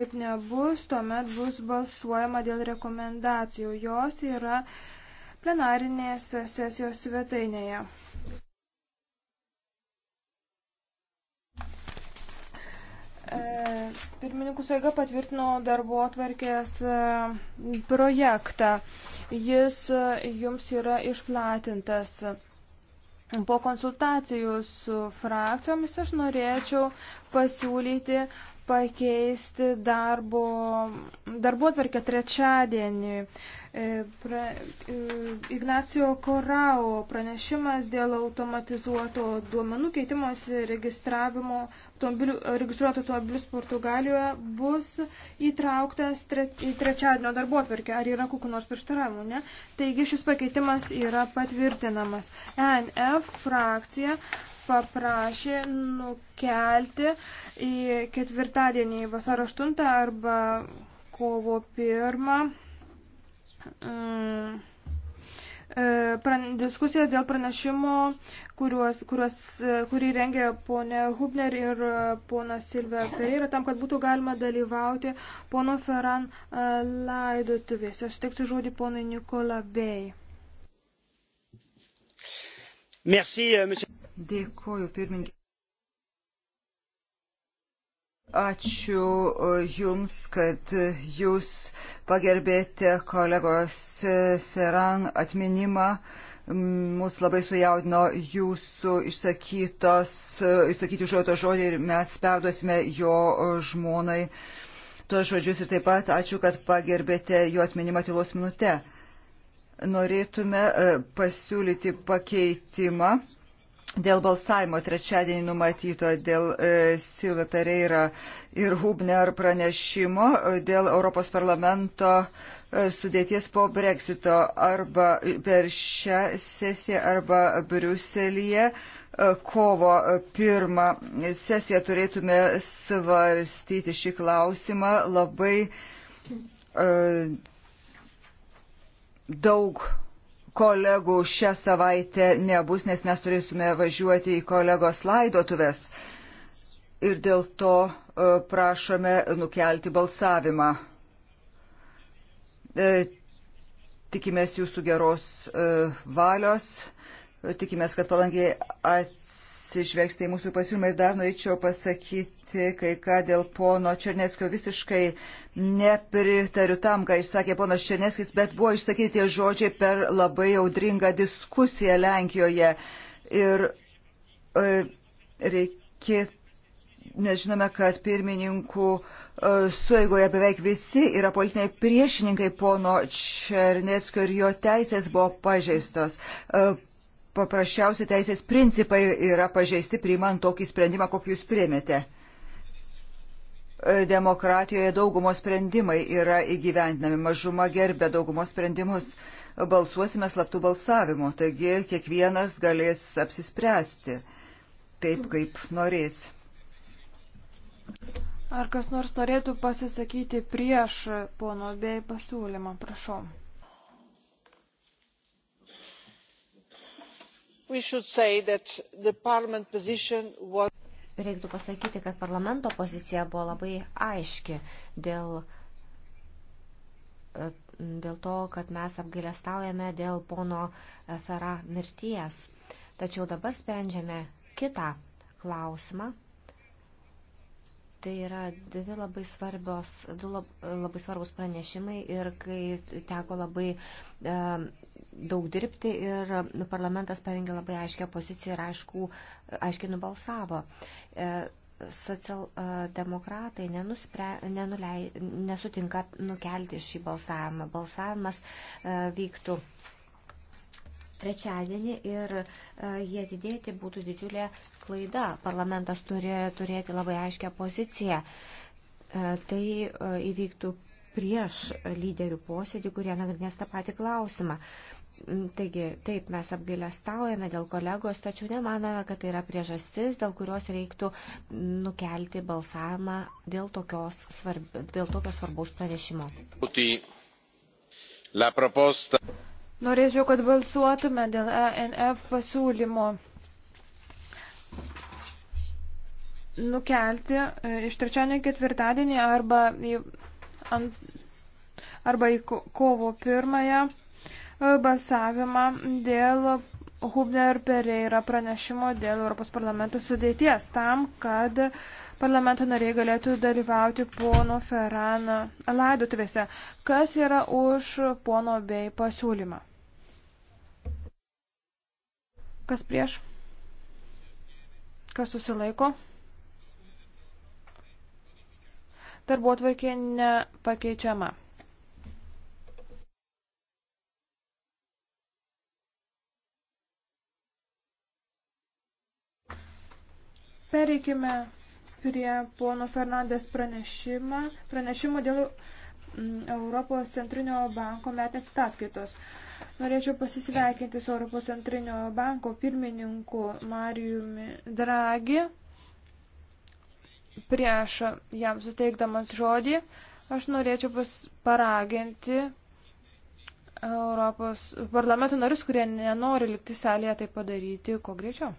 Kaip nebus, tuomet bus balsuojama dėl rekomendacijų. Jos yra plenarinės sesijos svetainėje. E, pirmininkų suėga patvirtino darbo atvarkės e, projektą. Jis e, jums yra išplatintas. Po konsultacijų su frakcijomis aš norėčiau pasiūlyti pakeisti darbo, darbo atverkę trečiadienį. E, pra, e, Ignacio Korao pranešimas dėl automatizuoto duomenų keitimosi registravimo registruotų automobilius Portugalijoje bus įtrauktas tre, į trečiadienio darbo atverkę. Ar yra kokių nors prieštaravimų, ne? Taigi šis pakeitimas yra patvirtinamas. E NF frakcija paprašė nukelti į ketvirtadienį vasaro 8 arba kovo 1 Mm. E, diskusijas dėl pranešimo, kuriuos, kuriuos, e, kurį rengė ponė Hubner ir e, ponas Silvia Pereira, tam, kad būtų galima dalyvauti pono Ferran laidotuvėse. Aš teiksiu žodį ponui Nikola Bey. Merci, monsieur. Dėkuoju, pirmininkė. Ačiū Jums, kad Jūs pagerbėti kolegos Ferran atminimą. Mūsų labai sujaudino jūsų išsakytos, išsakyti žodžio žodį ir mes perduosime jo žmonai tuos žodžius ir taip pat ačiū, kad pagerbėte jo atminimą tylos minute. Norėtume e, pasiūlyti pakeitimą dėl balsavimo trečiadienį numatyto dėl e, Silvio Pereira ir Hubner pranešimo e, dėl Europos parlamento e, sudėties po Brexito arba per šią sesiją arba Briuselyje. E, kovo e, pirmą sesiją turėtume svarstyti šį klausimą labai e, daug kolegų šią savaitę nebus, nes mes turėsime važiuoti į kolegos laidotuvės. Ir dėl to e, prašome nukelti balsavimą. E, tikimės jūsų geros e, valios, tikimės, kad palankiai atsitiktų atsižvelgsite į mūsų pasiūlymą ir dar norėčiau pasakyti kai ką dėl pono Černeskio. Visiškai nepritariu tam, ką išsakė ponas Černeskis, bet buvo išsakyti tie žodžiai per labai audringą diskusiją Lenkijoje. Ir e, reikėtų. Mes žinome, kad pirmininkų e, sueigoje beveik visi yra politiniai priešininkai pono Černeckio ir jo teisės buvo pažeistos. E, paprasčiausi teisės principai yra pažeisti priimant tokį sprendimą, kokį jūs priėmėte. E, demokratijoje daugumos sprendimai yra įgyvendinami, mažuma gerbė daugumos sprendimus. Balsuosime slaptų balsavimo, taigi kiekvienas galės apsispręsti taip, kaip norės. Ar kas nors norėtų pasisakyti prieš pono bei pasiūlymą, prašau. Was... Reiktų pasakyti, kad parlamento pozicija buvo labai aiški dėl, e, dėl to, kad mes apgailestaujame dėl pono Fera mirties. Tačiau dabar sprendžiame kitą klausimą Tai yra dvi labai svarbios, du labai svarbus pranešimai ir kai teko labai e, daug dirbti ir nu, parlamentas parengė labai aiškę poziciją ir aišku, aiškiai nubalsavo. E, socialdemokratai e, nenuspre, nenulei, nesutinka nukelti šį balsavimą. Balsavimas e, vyktų trečiadienį ir e, jie atidėti būtų didžiulė klaida. Parlamentas turi turėti labai aiškę poziciją. E, tai e, įvyktų prieš lyderių posėdį, kurie nagrinės tą patį klausimą. Mm, taigi, taip, mes apgailestaujame dėl kolegos, tačiau nemanome, kad tai yra priežastis, dėl kurios reiktų nukelti balsavimą dėl, tokios svarb... dėl tokio svarbaus pranešimo. La proposta. Norėčiau, kad balsuotume dėl ENF pasiūlymo nukelti e, iš trečiadienį ketvirtadienį arba į, ant, arba į kovo pirmąją e, balsavimą dėl Hubner Pereira pranešimo dėl Europos parlamento sudėties tam, kad parlamento nariai galėtų dalyvauti pono Ferrano laidotuvėse. Kas yra už pono bei pasiūlymą? Kas prieš? Kas susilaiko? Darbuotvarkė nepakeičiama. Pereikime prie pono Fernandės pranešimą, pranešimo dėl mm, Europos centrinio banko metės ataskaitos. Norėčiau pasisveikinti su Europos centrinio banko pirmininku Marijumi Dragi. Prieš jam suteikdamas žodį, aš norėčiau pas, paraginti Europos parlamento narius, kurie nenori likti salėje, tai padaryti kuo greičiau.